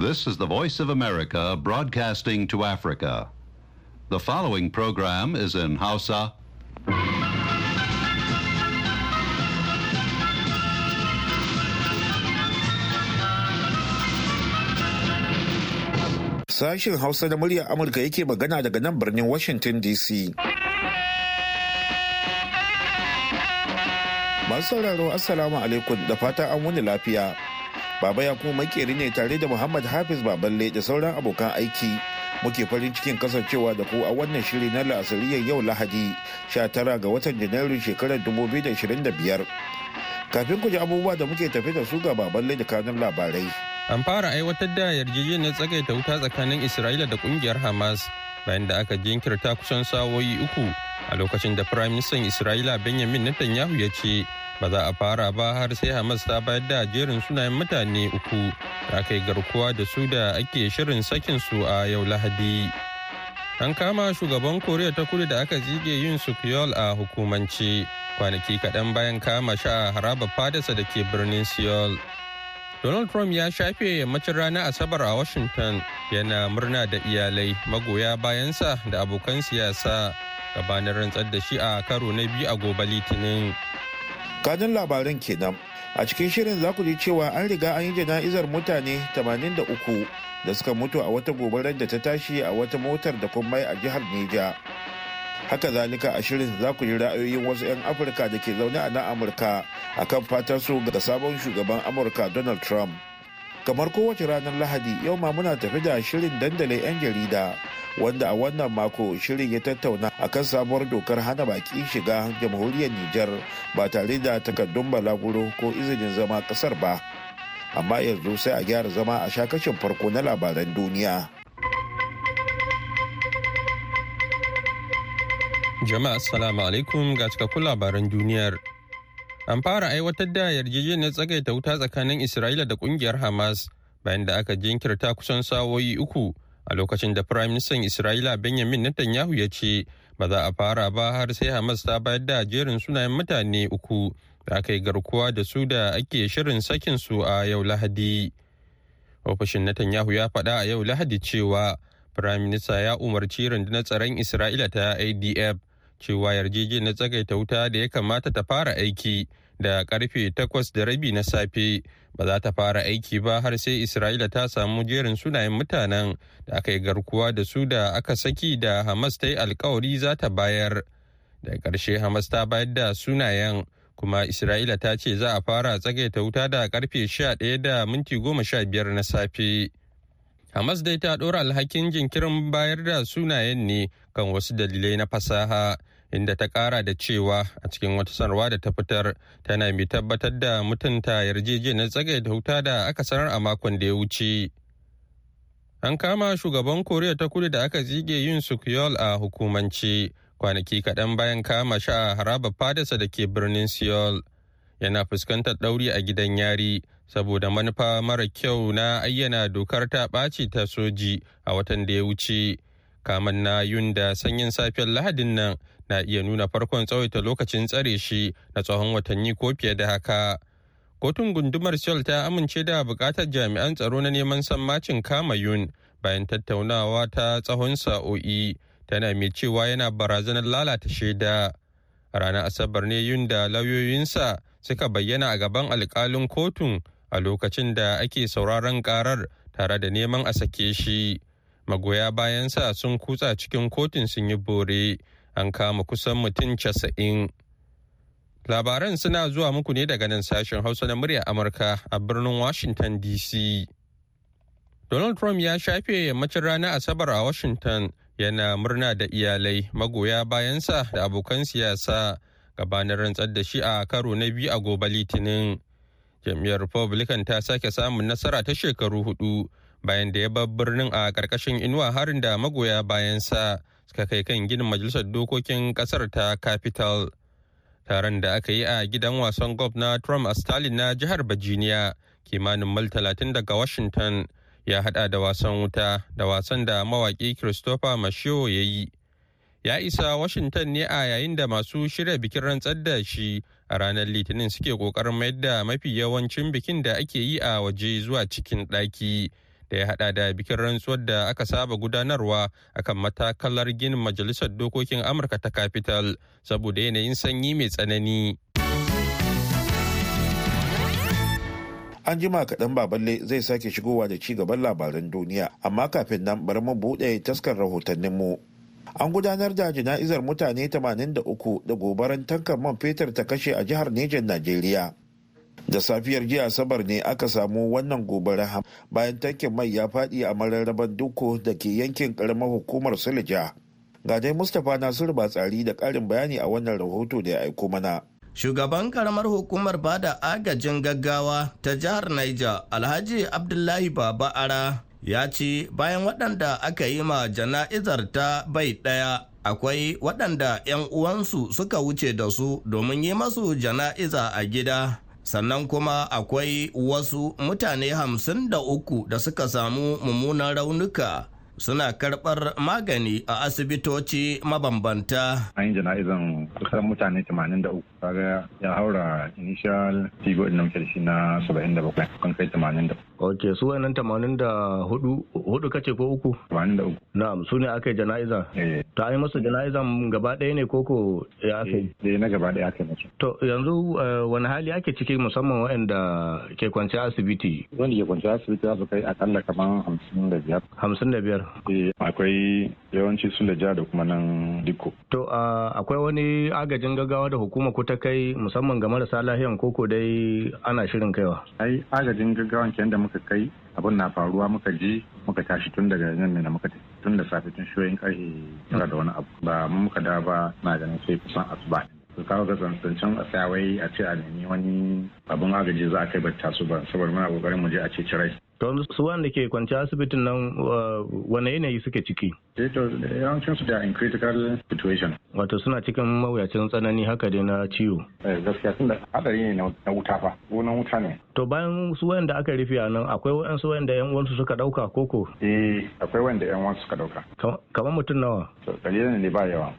This is the Voice of America broadcasting to Africa. The following program is in Hausa. Sashen Hausa na muryar Amurka yake magana daga nan birnin Washington DC. Masu sauraro Assalamu alaikum da fata an wani lafiya. Baba ya kuma makeri ne tare da Muhammad Hafiz Baballe da sauran abokan aiki. Muke farin cikin kasancewa da ku a wannan shiri na la'asariyar yau Lahadi 19 ga watan janairu shekarar 2025. Kafin ku ji abubuwa da muke tafi da su ga Baballe da kanun labarai. An fara aiwatar da yarjejeniyar tsagaita wuta tsakanin Isra'ila da kungiyar Hamas bayan da aka jinkirta kusan sawoyi uku a lokacin da Firayim Ministan Isra'ila Benjamin Netanyahu ya ce ba za a fara ba har sai hamas ta bayar da jerin sunayen mutane uku da aka yi garkuwa da su da ake shirin sakin su a yau lahadi an kama shugaban koriya ta kudu da aka zige yin sukiyol a hukumance kwanaki kaɗan bayan kama shi a haraba fadasa da ke birnin seoul Donald Trump ya shafe yammacin ranar Asabar a Washington yana murna da iyalai magoya bayansa da abokan siyasa gabanin rantsar da shi a karo na biyu a gobe Litinin kanin labaran kenan a cikin shirin za ku ji cewa an riga an yi jana'izar mutane 83 da suka mutu a wata gobarar da ta tashi a wata motar da kumai a jihar neja haka zalika a shirin za ku ji ra'ayoyin wasu 'yan afirka da ke zaune a na amurka akan fatar su ga sabon shugaban amurka donald trump kamar kowace ranar lahadi yau ma muna tafi da shirin dandalin 'yan jarida wanda a wannan mako shirin ya tattauna akan sabuwar dokar hana baki shiga jamhuriyar nijar ba tare da takardun balaguro ko izinin zama kasar ba amma yanzu sai a gyara zama a shakashin farko na labaran duniya jama'a assalamu alaikum ga cikakkun labaran duniyar An fara aiwatar da yarjejeniyar tsagaita wuta tsakanin Isra'ila da kungiyar Hamas bayan da aka jinkirta kusan sawoyi uku a lokacin da Firayim Ministan Isra'ila Benjamin Netanyahu ya ce ba za a fara ba har sai Hamas ta bayar da jerin sunayen mutane uku da aka yi garkuwa da su da ake shirin sakin su a yau Lahadi. Ofishin Netanyahu ya faɗa a yau Lahadi cewa Firayim Minista ya umarci rundunar tsaron Isra'ila ta ADF. cewa yarjejeniyar tsagaita wuta da ya kamata ta fara aiki da karfe takwas da rabi na safe ba za ta fara aiki ba har sai isra'ila ta samu jerin sunayen mutanen da aka yi garkuwa da su da aka saki da hamas ta yi alkawari za ta bayar da ƙarshe hamas ta bayar da sunayen kuma isra'ila ta ce za a fara tsagaita wuta da karfe ɗaya da minti goma sha biyar na safe hamas dai ta ɗora alhakin jinkirin bayar da sunayen ne kan wasu dalilai na fasaha inda ta kara da cewa a cikin wata sanarwa da ta fitar tana mai tabbatar da mutunta yarjejeniyar da wuta da aka sanar a makon da ya wuce. An kama shugaban Koriya ta kudu da aka zige yin sukyol a hukumanci kwanaki kaɗan bayan kama shi a haraba fadarsa da ke birnin Seoul. Yana fuskantar ɗauri a gidan yari saboda manufa mara kyau na ayyana dokar ta ɓaci ta soji a watan da ya wuce. Kaman na Yun da sanyin safiyar Lahadin nan na iya nuna farkon tsawaita lokacin tsare shi na tsawon watanni ko fiye da haka. Kotun gundumar Seoul ta amince da bukatar jami'an tsaro na neman sammacin kama Yun bayan tattaunawa ta tsawon sa'o'i tana mai cewa yana barazanar lalata shaida. Ranar Asabar ne Yun da lauyoyinsa suka bayyana a gaban alkalin kotun a lokacin da ake sauraron karar tare da neman a sake shi. Magoya bayansa sun kutsa cikin kotun sun yi bore. an kama kusan mutum casa'in. Labaran suna zuwa muku ne daga nan sashen Hausa na murya Amurka a birnin Washington DC. Donald Trump ya shafe yammacin ranar Asabar a Washington yana murna da iyalai magoya bayansa da abokan siyasa gabanin rantsar da shi a karo na biyu a gobe litinin. Jam'iyyar Republican ta sake samun nasara ta shekaru hudu bayan da ya bar birnin a ƙarƙashin inuwa harin da magoya bayansa suka kai kan ginin majalisar dokokin kasar ta capital taron da aka yi a gidan wasan golf na trump a stalin na jihar virginia kimanin mil 30 daga washington ya hada da wasan wuta da wasan da mawaki christopher mashio ya yi ya isa washington ne a yayin da masu shirya bikin rantsar da shi a ranar litinin suke kokarin mayar da mafi yawancin bikin da ake yi a waje zuwa cikin ɗaki. da ya hada da bikin rantsuwar da aka saba gudanarwa akan matakalar ginin majalisar dokokin amurka ta capital saboda yanayin sanyi mai tsanani an jima kaɗan baballe zai sake shigowa da ci gaban labaran duniya amma kafin nan bari mu buɗe taskar mu. an gudanar da jana'izar mutane 83 da gobaran tankar man fetur ta kashe a jihar Nejan Najeriya. da safiyar jiya asabar ne aka samu wannan gobara bayan tankin mai ya faɗi a mararraban duko da ke yankin karamar hukumar sulja ga dai mustapha nasiru tsari da ƙarin bayani a wannan rahoto da ya aiko mana Shugaban karamar hukumar bada agajin gaggawa ta jihar Niger, Alhaji Abdullahi Baba Ara, ya ce bayan waɗanda aka yi ma jana'izar ta bai ɗaya akwai waɗanda 'yan uwansu suka wuce da su domin yi masu jana'iza a gida. sannan kuma akwai wasu mutane hamsin da uku da suka samu mummunan raunuka suna karɓar magani a asibitoci mabambanta. An yi jana'izan kusan mutane 83 kaga ya haura initial tigo ɗin muke da shi na 77 kan kai 84. Ok, su wayannan 84 hudu kace ko uku? 83. Na'am, su ne aka yi jana'iza? Eh. Ta yi masa jana'izan gaba ɗaya ne koko ya aka yi? Eh, na gaba ɗaya aka yi To, yanzu eh, wani hali ake ciki musamman wayanda ke kwanci asibiti? Wanda ke kwanci asibiti za su kai akalla kamar 55. 55. akwai yawanci sulaja da kuma nan diko. To akwai wani agajin gaggawa da hukuma ku ta kai musamman ga marasa lahiyan koko dai ana shirin kaiwa. Ai agajin gaggawan kenan da muka kai abin na faruwa muka je muka tashi tun daga nan ne muka tun da safe tun shoyin karfe tara da wani abu ba mu muka da ba na ganin sai kusan asuba su kawo ga tsantsancen a tsawai a ce a nemi wani abin agaji za a kai bata su ba saboda muna kokarin mu je a ce cirai su wanda ke kwanci asibitin nan uh, wane yanayi suke ciki? Eh, yawancin su da in critical situation. Wato suna cikin mawuyacin tsanani haka dai na ciwo. Eh, gaskiya tun da hadari ne na wuta fa, gonan wuta ne. To bayan su wanda aka rufe a nan akwai waɗansu wanda yan wansu suka ɗauka koko? Eh, akwai wanda yan wansu suka ɗauka. Kamar mutum nawa? Kalilan ne ba yawa.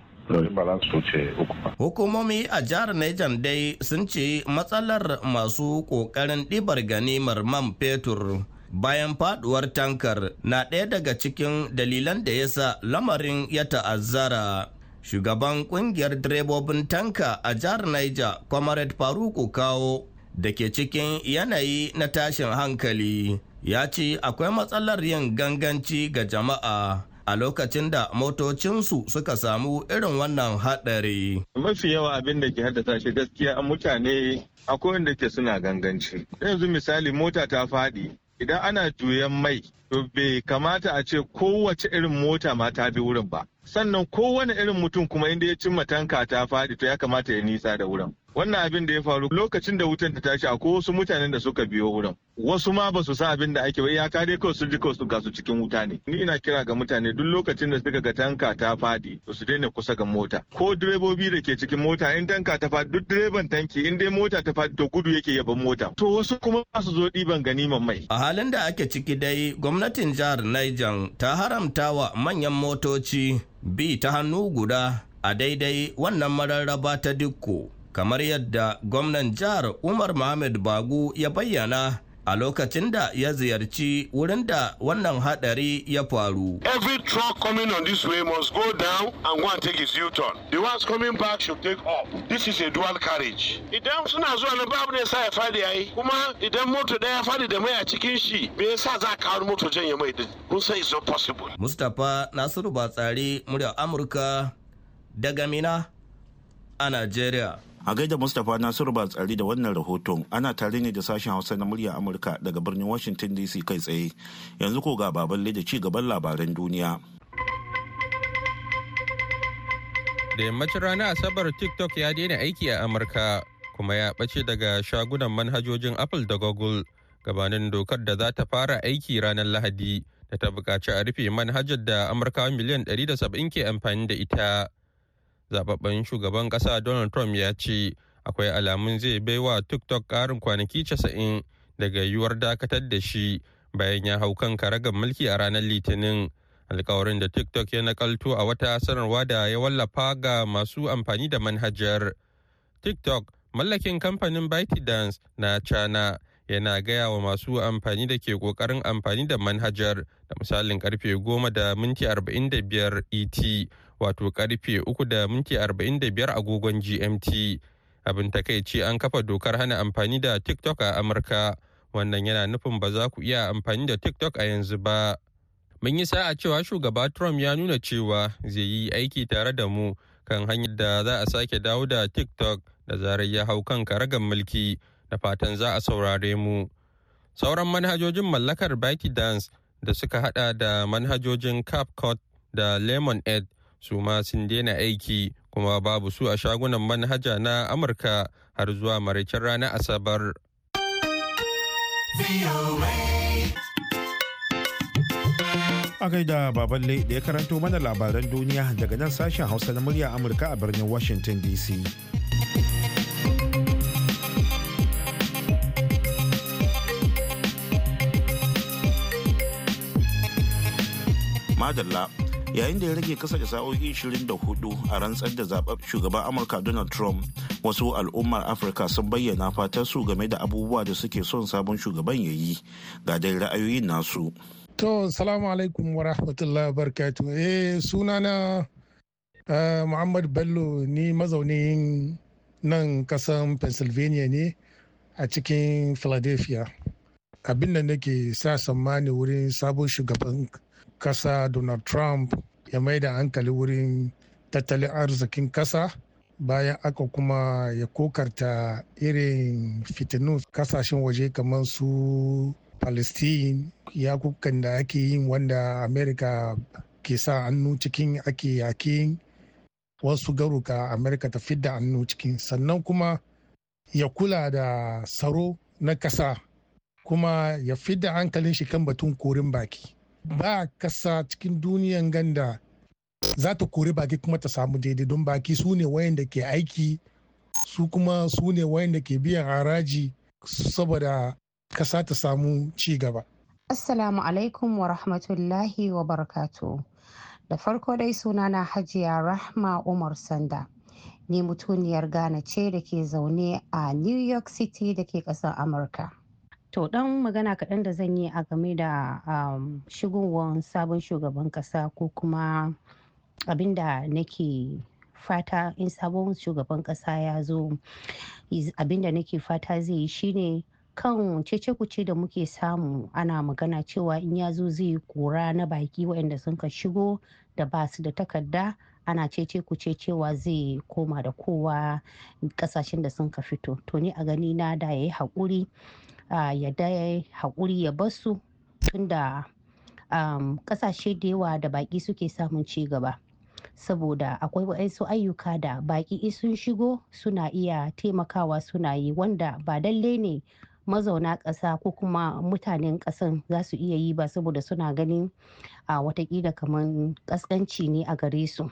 Hukumomi a jihar Niger dai sun ce matsalar masu ƙoƙarin ɗibar ganimar man fetur bayan faduwar tankar na ɗaya daga cikin dalilan da ya sa lamarin ya ta'azzara. Shugaban kungiyar direbobin tanka a jihar Niger, Comrade Faruku Kawo, da ke cikin yanayi na tashin hankali, ya ce akwai matsalar yin ganganci ga jama'a. a lokacin da motocinsu suka samu irin wannan haɗari. Mafi yawa abin da ke haddasa shi gaskiya mutane akwai wanda ke suna ganganci. Yanzu misali mota ta faɗi idan ana juyan mai to bai kamata a ce kowace irin mota ma ta bi wurin ba sannan kowane irin mutum kuma inda ya cimma tanka ta faɗi to ya kamata ya nisa da wurin wannan abin da ya faru lokacin da wutan ta tashi akwai wasu mutanen da suka biyo wurin wasu ma ba su sa abin da ake ya kare kawai su ji kawai su gasu cikin wuta ne ni ina kira ga mutane duk lokacin da suka ga tanka ta fadi su daina kusa ga mota ko direbobi da ke cikin mota in tanka ta fadi duk direban tanki in dai mota ta fadi to gudu yake yaban mota to wasu kuma su zo diban ganiman mai a halin da ake ciki dai gwamnatin jihar Niger ta haramta wa manyan motoci bi ta hannu guda a daidai wannan mararraba ta dukko kamar yadda gwamnan jihar umar mohamed bagu ya bayyana a lokacin da ya ziyarci wurin da wannan hadari ya faru. Every truck coming on this way must go down and go and take his U-turn. The ones coming back should take up. This is a dual carriage. Idan suna zuwa na babu ne sa ya fadi yayi kuma idan moto daya ya fadi da mai a cikin shi me yasa za ka kawo moto ya mai da Kun san it's not possible. Mustapha Nasiru Batsari murya Amurka daga Mina a Najeriya. A gaida Mustapha Nasiru ba tsari da wannan rahoton ana tare ne da sashen Hausa na murya Amurka daga birnin Washington DC kai tsaye. Yanzu ko ga baballe da ci gaban labaran duniya. Da yammacin rana Asabar TikTok ya daina aiki a Amurka kuma ya ɓace daga shagunan manhajojin Apple da Google gabanin dokar da za ta fara aiki ranar Lahadi da ta buƙaci a rufe manhajar da Amurkawa miliyan 170 ke amfani da ita. zababben shugaban ƙasa donald trump ya ce akwai alamun zai baiwa tiktok ƙarin kwanaki 90 daga yiwuwar dakatar da shi bayan ya hau kan karagar mulki a ranar litinin alkawarin da tiktok ya nakalto a wata sanarwa da ya wallafa ga masu amfani da manhajar tiktok mallakin kamfanin ByteDance na china yana gaya wa masu amfani da ke kokarin amfani da manhajar da misalin karfe 10 da minti 45 et wato karfe 3 da minti 45 agogon GMT. Abin takaici an kafa dokar hana amfani da TikTok a Amurka. Wannan yana nufin ba za ku iya amfani da TikTok a yanzu ba. Mun yi sa'a cewa shugaba Trump ya nuna cewa zai yi aiki tare da mu kan hanyar da za a sake dawo da TikTok da zarar ya hau kan karagar mulki da fatan za a saurare mu. Sauran manhajojin mallakar Baki Dance da suka hada da manhajojin Capcut da Lemonade su ma sun daina aiki kuma babu su a shagunan manhaja na amurka har zuwa maraicin ranar asabar a gaida baballe da ya karanto mana labaran duniya daga nan sashen hausa na murya amurka a birnin washington dc madalla yayin da ya rage kasa da sa'o'i 24 a rantsar da zaɓar shugaban amurka donald trump wasu al'ummar afirka sun bayyana fatan su game da abubuwa da suke son sabon shugaban ya yi ga dai ra'ayoyin nasu to salamu alaikum wa rahmatullahi barkatu eh sunana eh, muhammad bello ni mazaunin nan kasan pennsylvania ne a cikin philadelphia abin da nake sa tsammani wurin sabon shugaban kasa donald trump ya mai da hankali wurin tattalin arzikin kasa bayan aka kuma ya kokarta irin fitinu kasashen waje kamar su palestine yakukan da ake yin wanda america ke sa hannu cikin ake yakin wasu garuka america ta fidda hannu cikin sannan kuma ya kula da tsaro na kasa kuma ya fidda hankalin shi kan batun korin baki ba kasa cikin duniyan ganda za ta kori baki kuma ta samu daidai don baki su ne wayanda ke aiki su kuma su ne wayanda ke biyan haraji saboda kasa ta samu ci gaba. Assalamu alaikum wa rahmatullahi wa barakatu. Da farko dai suna na Hajiya Rahma Umar Sanda. ne mutuniyar Ghana ce da ke zaune a New York City da ke ƙasar Amurka. To dan magana kaɗan da zan yi a game da um, shigowar sabon shugaban ƙasa ko kuma abin da nake fata in sabon shugaban ƙasa ya zo abin da nake fata zai yi shine kan cece-kuce da muke samu ana magana cewa in ya zo zai kora na baki waɗanda sun ka shigo da ba su da takarda ana cece kuce cewa zai koma da kowa ƙasashen da sun ka fito to ni a gani na da ya yi haƙuri ya da haƙuri ya basu tunda um, ƙasashe da yawa da baƙi suke samun ci gaba saboda akwai waɗansu ayyuka da baƙi sun shigo suna iya taimakawa suna yi wanda ba lalle ne mazauna ƙasa ko kuma mutanen ƙasan za su iya yi ba saboda suna ganin a watakila kamar ƙasƙanci ne a gare su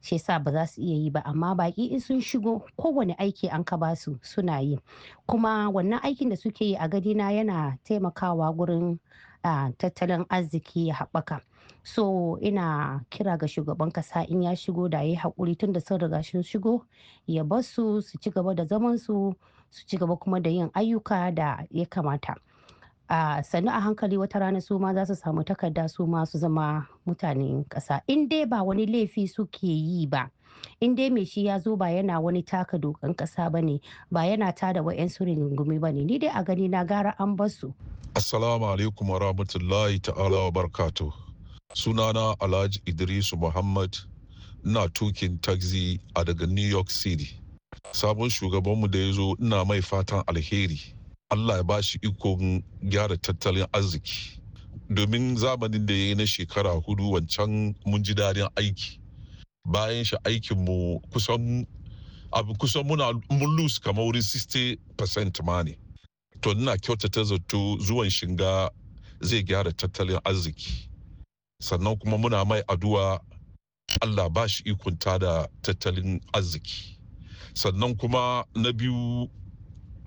shi yasa ba za su iya yi ba amma baki in sun shigo kowane aiki an ka ba su suna yi kuma wannan aikin da suke yi a gadina yana taimakawa gurin tattalin arziki ya haɓaka so ina kira ga shugaban kasa in ya shigo da ya haƙuri tun da sun riga sun shigo ya basu su ci gaba da zaman su su ci gaba kuma da yin ayyuka da ya kamata a ah, sannu a hankali wata rana su ma za su samu takarda su ma su zama mutanen kasa. in dai ba wani laifi suke yi ba in dai mai shi ya zo ba yana wani taka dokan kasa ba ne ba yana ta tada wa'yansu gumi ba ne ni dai a gani na gara an basu. assalamu alaikum warahmatullahi ta'ala wa barkatu sunana alhaji idrisu muhammad ina tukin taxi a daga new york city sabon shugabanmu da ya zo ina mai fatan alheri Allah ya ba shi ikon gyara tattalin arziki domin zamanin da ya yi na shekara hudu wancan mun ji daɗin aiki bayan shi aikinmu kusan abu kusan muna mun lose kamar wurin 60% ma ne to ina kyautata zato zuwan shinga zai gyara tattalin arziki sannan kuma muna mai addu'a Allah ba shi ikon da tattalin arziki sannan kuma na biyu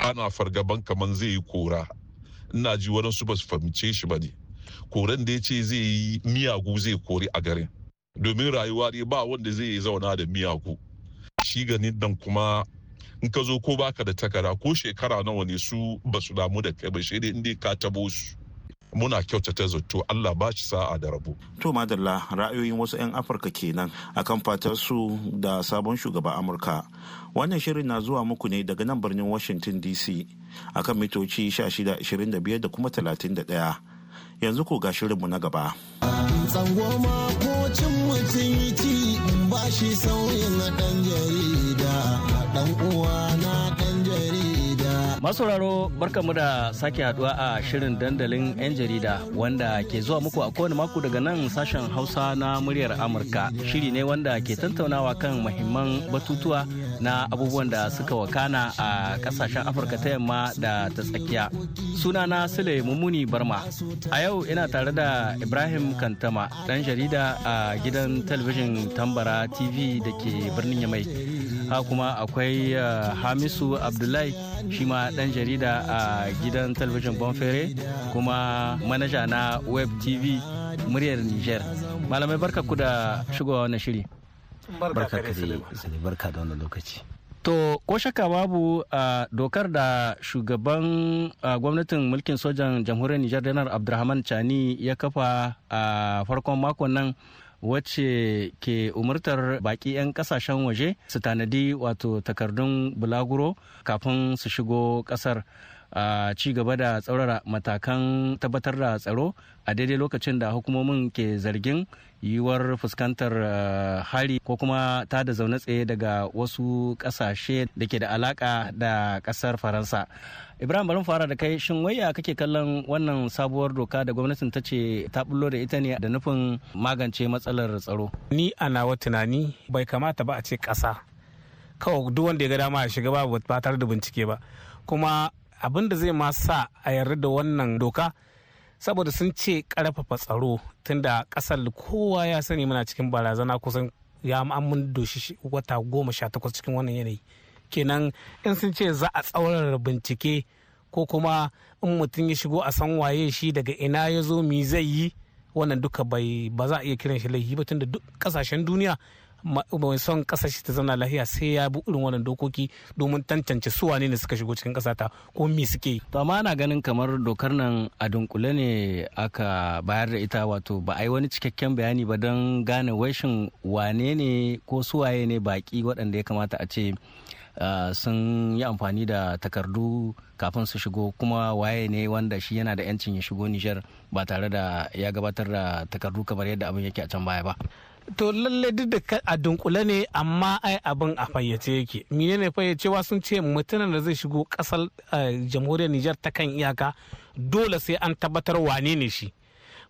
ana fargaban kaman zai yi kora ina ji waɗansu ba su fahimce shi ba ne koren da ya ce zai yi miyagu zai kori a garin domin rayuwa ne ba wanda zai zauna da miyagu shi ganin dan kuma in ka zo ko baka da takara ko shekara nawa ne su ba su damu da kai ba shi dai ka tabo su muna kyautata zato Allah ba shi sa'a da rabu. To madalla ra'ayoyin wasu 'yan Afirka kenan akan fatar su da sabon shugaba Amurka. Wannan shirin na zuwa muku ne daga nan birnin Washington DC akan mitoci 1625 da kuma 31. Yanzu ko ga shirinmu na gaba. Tsango Masauraro barkamu da sake haduwa a shirin dandalin 'yan jarida wanda ke zuwa muku a kowane mako daga nan sashen Hausa na muryar Amurka. Shiri ne wanda ke tattaunawa kan mahimman batutuwa na abubuwan da suka wakana a kasashen Afirka ta yamma da ta tsakiya. suna na Sule mummuni Barma. A yau ina tare da Ibrahim Kantama, ɗan jarida a gidan talabijin Tambara TV da ke birnin Yamai. Ha kuma akwai eh, Hamisu Abdullahi shi ma dan jarida a gidan talabijin bonfere kuma manaja na web tv muryar niger malamai barka ku da shigowa wannan shiri barka ka barka da wannan lokaci To, ko shakka babu dokar da shugaban gwamnatin mulkin sojan jamhuriyar niger Janar Abdulrahman Chani ya kafa a farkon makon nan wacce ke umurtar baki 'yan kasashen waje su tanadi wato takardun bulaguro kafin su shigo kasar a ci gaba da tsaurara matakan tabbatar da tsaro a daidai lokacin da hukumomin ke zargin yiwuwar fuskantar eh, hari ko kuma ta da zaune tsaye daga wasu kasashe da ke da alaka da kasar faransa Ibrahim bari fara da kai shin waya kake kallon wannan sabuwar doka da gwamnatin ta ce ta bullo da ita ne da nufin magance matsalar tsaro. Ni a nawa tunani bai kamata ba a ce ƙasa. Kawai duk wanda ya ga dama a shiga babu ba tare da bincike ba. Kuma abin da zai ma sa a yarda da wannan doka saboda sun ce ƙarfafa tsaro tunda ƙasar kowa ya sani muna cikin barazana kusan ya mun doshi wata goma sha takwas cikin wannan yanayi. kenan in sun ce za a tsaurara bincike ko kuma in mutum ya shigo a san waye shi daga ina ya zo mi zai yi wannan duka bai ba za a iya kiran shi laifi ba tunda duk kasashen duniya mai son kasashe ta zana lahiya sai ya bi irin wannan dokoki domin tantance su wane ne suka shigo cikin kasata ko me suke to amma ana ganin kamar dokar nan a dunkule ne aka bayar da ita wato ba a yi wani cikakken bayani ba don gane washin wane ne ko suwaye ne baki waɗanda ya kamata a ce Ah, sun yi amfani da takardu kafin su shigo kuma waye ne wanda shi yana da 'yancin ya shigo nijar ba tare da ya gabatar da takardu kamar yadda abin yake a can baya ba to lalle duk da a dunkule ne amma ai abin a fayyace yake menene fayyacewa sun ce mutumin da zai shigo kasar eh, jamhuriyar nijar ta kan iyaka dole sai an tabbatar wane ne shi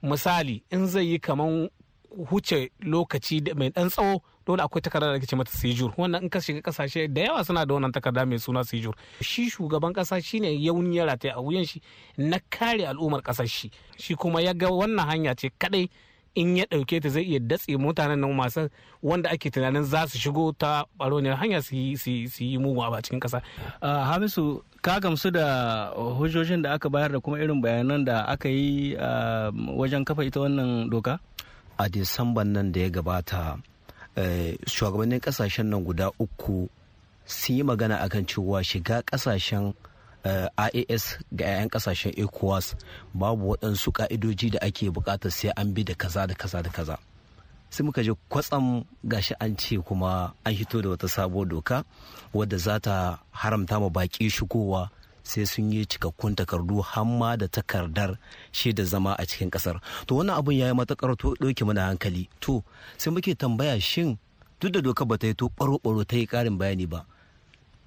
misali in zai yi kaman wuce lokaci mai dan tsawo dole akwai takarda da ake ce mata sijur wannan in ka shiga kasashe da yawa suna da wannan takarda mai suna sijur shi shugaban kasa shine yauni ya a wuyan shi na kare al'ummar kasar shi shi kuma ya ga wannan hanya ce kadai in ya dauke ta zai iya datse mutanen nan masu wanda ake tunanin za su shigo ta baroniyar hanya su yi mugu a cikin kasa hamisu ka gamsu da hujjojin da aka bayar da kuma irin bayanan da aka yi ah, wajen kafa ita wannan doka a disamban nan da ya gabata Eh, shugabannin kasashen nan guda uku sun yi magana akan cewa shiga kasashen eh, IAS ga 'ya'yan kasashen ECOWAS babu waɗansu ka'idoji da ake buƙatar sai an bi da kaza da kaza da kaza. sai muka je kwatsam gashi an ce kuma an hito da wata sabuwar doka wadda za ta haramta ma baƙi shigowa sai sun yi cikakkun takardu hamma da takardar shi da zama a cikin kasar to wannan abun ya yi matakar to ɗauke mana hankali to sai muke tambaya shin duk da doka ba ta yi to ɓaro-ɓaro ta yi ƙarin bayani ba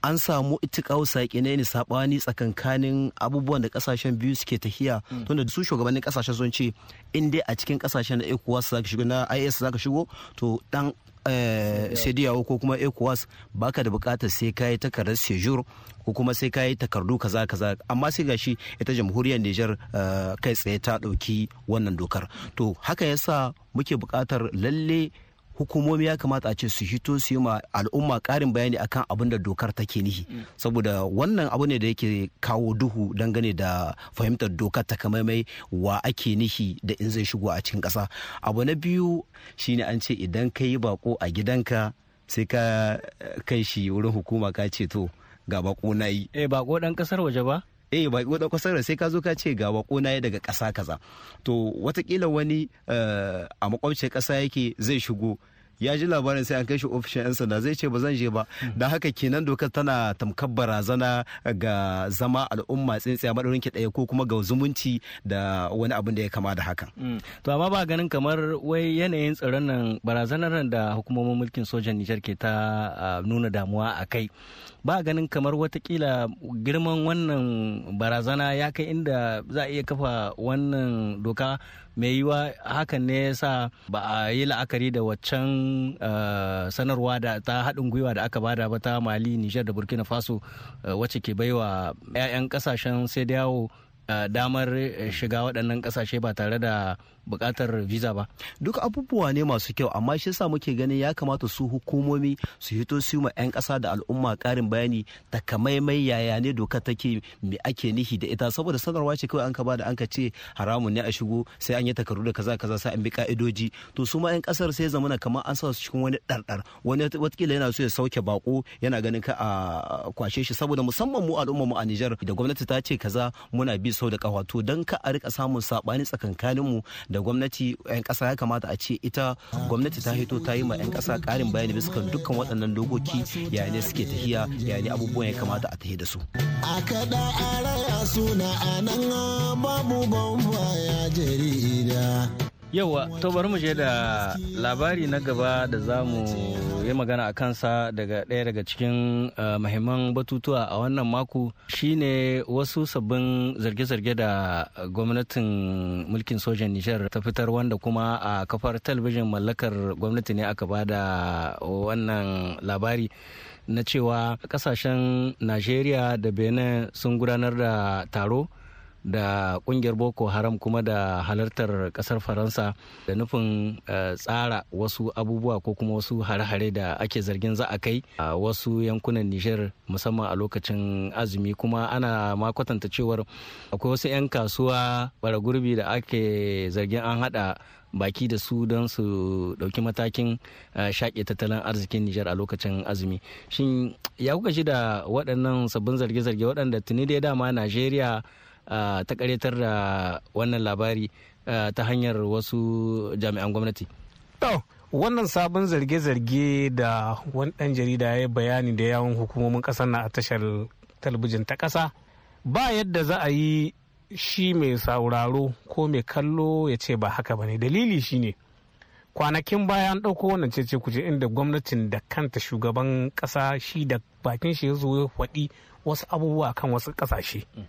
an samu itikau saƙi na ne saɓani tsakankanin abubuwan da ƙasashen biyu suke tafiya mm. tunda su shugabannin ƙasashen sun ce in dai a cikin kasashen na ecowas ka shigo na is zaka shigo to dan Eh, sediyawo ko kuma ecowas baka da bukatar sai ka yi takardar sejur ko kuma sai ka yi takardu kaza kaza amma sai gashi ita jamhuriyar niger eh, kai tsaye ta dauki wannan dokar to haka yasa muke bukatar lalle hukumomi ya kamata a ce su hito su yi ma al'umma karin bayani akan abin da dokar take nihi mm. saboda wannan abu ne da yake kawo duhu dangane da fahimtar dokar mai wa ake nihi da in zai shigo a cikin ƙasa abu na biyu shine an ce idan ka yi bako a gidanka sai ka eh, kai shi wurin hukuma ka ce to ga bako na yi eh bako dan kasar waje ba eh ko da kwasar sai ka zo ka ce ga wako na daga kasa kaza to watakila wani eh, a makwabcin kasa yake zai shigo ya ji labarin sai an kai shi ofishin 'yan sanda zai ce ba zan je ba da haka kenan dokar tana tamkar barazana ga zama al'umma tsintsiya maɗaurin ki ɗaya ko kuma ga zumunci da wani abin da ya kama da hakan. Mm. to amma ba ganin kamar wai yanayin tsaron nan barazanar nan da hukumomin mulkin sojan nijar ke ta ah, nuna damuwa a kai ba ganin kamar watakila girman wannan barazana ya kai inda za a iya kafa wannan doka mai yiwa hakan ne ya sa ba a yi la'akari da waccan eh, sanarwa da ta haɗin gwiwa da aka bada ba ta mali nijar da burkina faso eh, wacce ke baiwa 'ya'yan kasashen sai da yawo damar eh, shiga waɗannan ƙasashe ba tare da buƙatar visa ba duk abubuwa ne masu kyau amma shi sa muke ganin ya kamata su hukumomi su hito su ma 'yan ƙasa da al'umma ƙarin bayani takamaimai yaya ne doka take me ake nihi da ita saboda sanarwa ce kawai an ka ba da an ka ce haramun ne a shigo sai an yi takardu da kaza kaza sai an bi ka'idoji to su ma 'yan ƙasar sai zamana kamar an sa su cikin wani ɗarɗar wani watakila yana so ya sauke baƙo yana ganin ka a kwashe shi saboda musamman mu al'umma mu a Nijar da gwamnati ta ce kaza muna bi sau da kafa to don ka a rika samun sabani tsakankanin mu da gwamnati yan kasa ya kamata a ce ita gwamnati ta hito ta yi ma yan kasa karin bayani bisa dukkan waɗannan dokoki yayin ne suke tahiya yayin abubuwan ya kamata a tahi da su a kada a raya suna anan babu bamba ya jarida yawa to bari mu je da labari na gaba da zamu yi magana a kansa daga ɗaya daga cikin eh, mahimman batutuwa a wannan mako shine wasu sabbin zarge-zarge da gwamnatin mulkin sojan Nijar ta fitar wanda kuma a kafar talabijin mallakar gwamnati ne aka ba da wannan labari. na cewa kasashen najeriya da benin sun gudanar da taro da kungiyar boko haram kuma da halartar kasar faransa da nufin eh, tsara wasu abubuwa ko kuma wasu hare-hare da ake zargin za a kai a wasu yankunan nijar musamman a lokacin azumi kuma ana ma kwatanta cewar akwai wasu 'yan kasuwa bara gurbi da ake zargin an hada baki da su don su dauki matakin eh, shaƙe tattalin arzikin Nijar a lokacin azumi. Shin ya kuka shi da waɗannan sabbin zarge-zarge waɗanda tuni da dama Najeriya ta karyatar da wannan labari ta hanyar wasu jami'an gwamnati wannan sabon zarge-zarge da wani ɗan jarida ya bayani da yawon hukumomin ƙasar na a tashar talabijin ta ƙasa ba yadda za a yi shi mai sauraro ko mai kallo ya ce ba haka ba ne dalili shine kwanakin baya an ɗauko wannan cece kuce inda gwamnatin da kanta shugaban ƙasa shi da bakin shi ya zo ya faɗi wasu abubuwa kan wasu ƙasashe. Mm.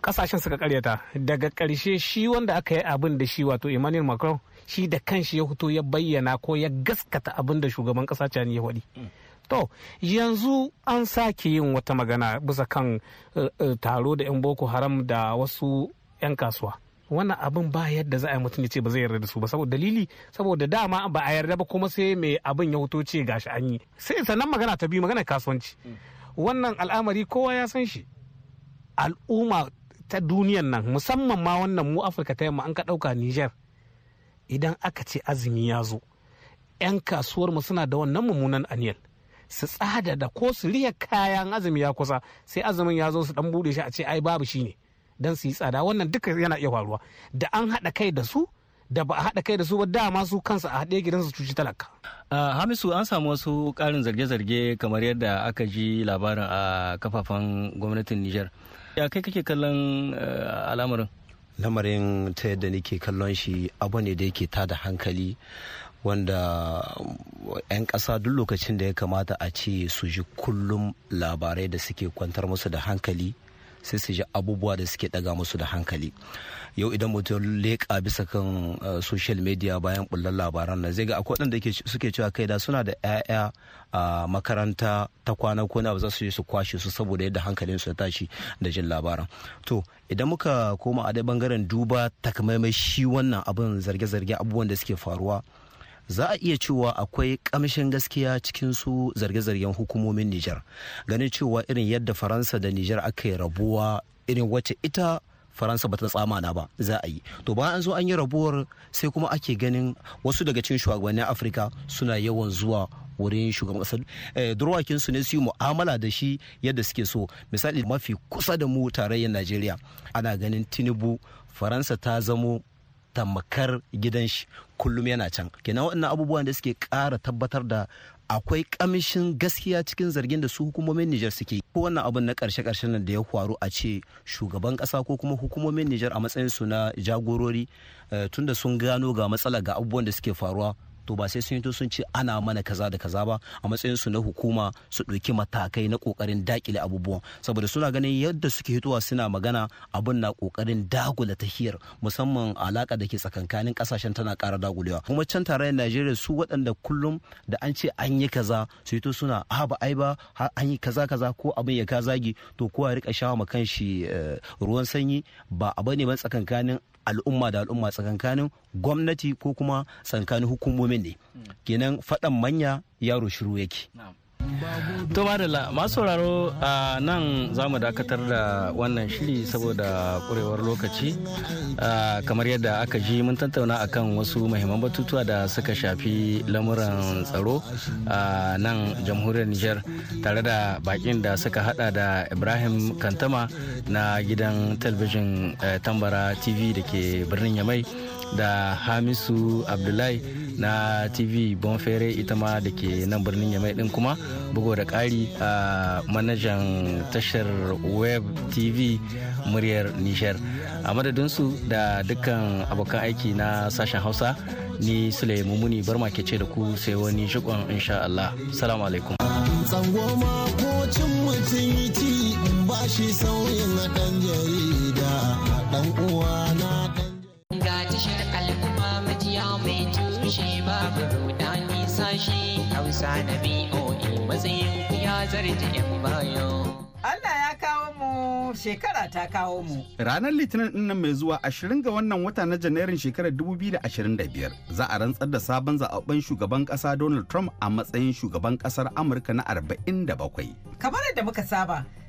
kasashen suka karyata daga karshe shi wanda aka yi abin da shi wato emmanuel macron shi da kanshi ya fito ya bayyana ko ya gaskata abin da shugaban kasa ne ya faɗi hmm. to yanzu an sake yin wata magana bisa kan eh, eh, taro da 'yan boko haram da wasu 'yan kasuwa wannan abin ba yadda za a yi mutum ya ce ba zai yarda da su ba saboda dalili saboda dama ba a yarda ba kuma sai mai abin ya hoto ce gashi an yi sai sannan magana ta biyu magana kasuwanci hmm. wannan al'amari kowa ya san shi al'umma ta duniyan nan musamman ma wannan mu afirka ta yamma an ka ɗauka niger idan aka ce azumi ya zo 'yan kasuwar mu suna da wannan mummunan aniyal su tsada da ko su riya kayan azumi ya kusa sai azumin ya zo su dan bude shi a ce ai babu shi ne dan su yi tsada wannan duka yana iya faruwa da an haɗa kai da su da ba a haɗa kai da su ba dama su kansu a haɗe gidansu cuci talaka. hamisu an samu wasu ƙarin zarge-zarge kamar yadda aka ji labarin a kafafen gwamnatin niger ya kai kake kallon eh, al'amarin lamarin ta yadda nake kallon shi abu ne da yake tada hankali wanda 'yan ƙasa duk lokacin da ya kamata a ce su ji kullum labarai da suke kwantar musu da hankali sai su ji abubuwa da suke daga musu da hankali yau idan mutum leƙa bisa kan eh, social media bayan bullar labaran nan zai ga akwai waɗanda suke cewa kai da suna da 'ya'ya a makaranta ta kwana ko na ba za su je su kwashe su saboda yadda hankalin su tashi da jin labaran to idan muka koma a dai bangaren duba takamaimai shi wannan abin zarge-zarge abubuwan da suke faruwa za a iya cewa akwai kamshin gaskiya cikin su zarge-zargen hukumomin Nijar ganin cewa irin yadda Faransa da Nijar aka yi rabuwa irin wacce ita faransa bata tsamana ba za a yi to bayan an zo an yi rabuwar sai kuma ake ganin wasu daga cikin shugabannin afirka suna yawan zuwa wurin shugaban kasar eh, durwakin su ne su mu'amala da shi yadda suke so misali mafi kusa da mu tarayyar najeriya ana ganin tinubu faransa ta zamo tamakar gidan shi kullum yana can kenan waɗannan abubuwan da suke ƙara tabbatar da akwai ƙamshin gaskiya cikin zargin da su hukumomin Nijar suke ko wannan abin na karshe karshen da ya faru a ce shugaban ƙasa ko kuma hukumomin Nijar a matsayin su na jagorori eh, tunda sun gano ga matsala ga abubuwan da suke faruwa to ba sai sun yi sun ce ana mana kaza da kaza ba a matsayin su na hukuma su ɗauki matakai na ƙoƙarin dakile abubuwan saboda suna ganin yadda suke hitowa suna magana abin na ƙoƙarin dagula tahiyar musamman alaƙa da ke tsakankanin ƙasashen tana ƙara dagulewa kuma can tarayyar najeriya su waɗanda kullum da an ce an yi kaza su hito suna a ah, ba ai ba an yi kaza kaza ko abin ya ka zagi to kowa ya rika shawa ma kanshi eh, ruwan sanyi ba abu ne ban tsakankanin al'umma da al'umma tsakankanin gwamnati ko kuma tsakanin hukumomin ne hmm. kenan faɗan manya yaro shiru yake To madalla masu sauraro a nan za mu dakatar da wannan shiri saboda kurewar lokaci kamar yadda aka ji mun tattauna akan wasu mahimman batutuwa da suka shafi lamuran tsaro a nan jamhuriyar Nijar tare da bakin da suka hada da Ibrahim Kantama na gidan talabijin eh, tambara TV da ke birnin Yamai. da hamisu abdullahi na tv bonfere ita ma da ke nan birnin yamai din kuma bugo da kari a manajan tashar web tv muryar nishar a madadinsu da dukkan abokan aiki na sashen hausa ni sule muni bar ma ce da ku sai wani shikon insha Allah salamu alaikum ba shi sauyin jarida dan uwa na Ga tashar al'umma majiya mai tushe babu rudani sashi Hausa na BOA matsayin ya zarje 'yan bayo. Allah ya kawo mu shekara ta kawo mu. Ranar Litinin ɗin nan mai zuwa 20 ga wannan wata na Janairun shekarar 2025 za a rantsar da sabon zaɓen shugaban ƙasa Donald Trump a matsayin shugaban ƙasar Amurka na 47. Kamar da muka saba,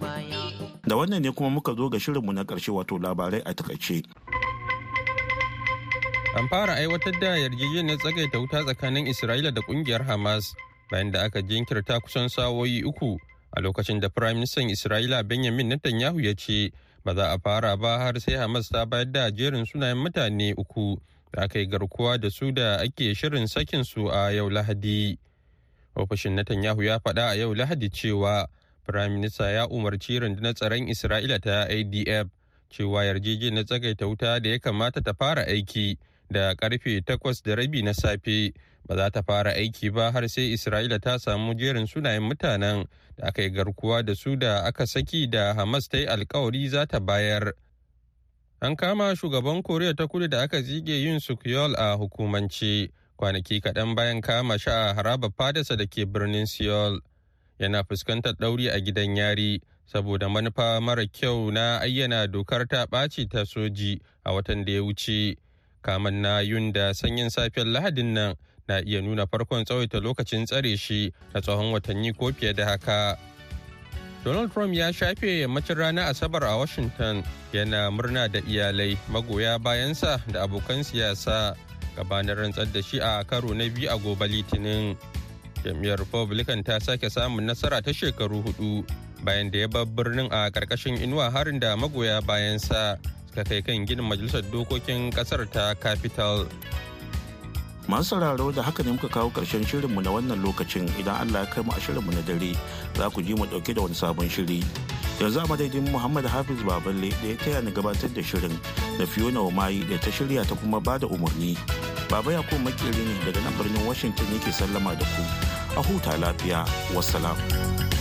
baya. Da wannan ne kuma muka zo ga shirinmu na ƙarshe wato labarai a takaice. An fara aiwatar da yarjejeniyar tsagaita wuta tsakanin Isra'ila da kungiyar Hamas bayan da aka jinkirta kusan sawoyi uku a lokacin da Firayim Ministan Isra'ila Benjamin Netanyahu ya ce ba za a fara ba har sai Hamas ta bayar da jerin sunayen mutane uku da aka yi garkuwa da su da ake shirin sakinsu a yau Lahadi. ofishin netanyahu ya faɗa a yau lahadi cewa firaminista ya umarci rundunar tsaron isra'ila ta adf cewa yarjejeniyar tsagaita wuta da ya kamata ta fara aiki da karfe takwas da rabi na safe ba za ta fara aiki ba har sai isra'ila ta samu jerin sunayen mutanen da aka yi garkuwa da su da aka saki da hamas ta yi alkawari za ta bayar an kama shugaban koriya ta kudu da aka zige yin sukuyol a hukumance kwanaki kaɗan bayan kama shi a harabar fadarsa da ke birnin Seoul. Yana fuskantar ɗauri a gidan yari saboda manufa mara kyau na ayyana dokar ta ɓaci ta soji a watan da ya wuce. Kamar na yun da sanyin safiyar Lahadin nan na iya nuna farkon tsawaita lokacin tsare shi na tsawon watanni ko fiye da haka. Donald Trump ya shafe yammacin ranar Asabar a Washington yana murna da iyalai magoya bayansa da abokan siyasa gabanin rantsar da shi a karo na biyu a gobe litinin jam'iyyar republican ta sake samun nasara ta shekaru hudu bayan da ya bar birnin a karkashin inuwa harin da magoya bayansa suka kai kan ginin majalisar dokokin kasar ta capital masu sauraro da haka ne muka kawo karshen shirinmu na wannan lokacin idan allah ya kai mu a shirinmu na dare za ku ji mu dauke da wani sabon shiri yanzu a madadin muhammad hafiz baballe da ya taya ni gabatar da shirin da fiona mayi da ta shirya ta kuma bada da umarni Baba ya kuma ne daga nan birnin Washington yake sallama da ku. A huta lafiya, wassalam.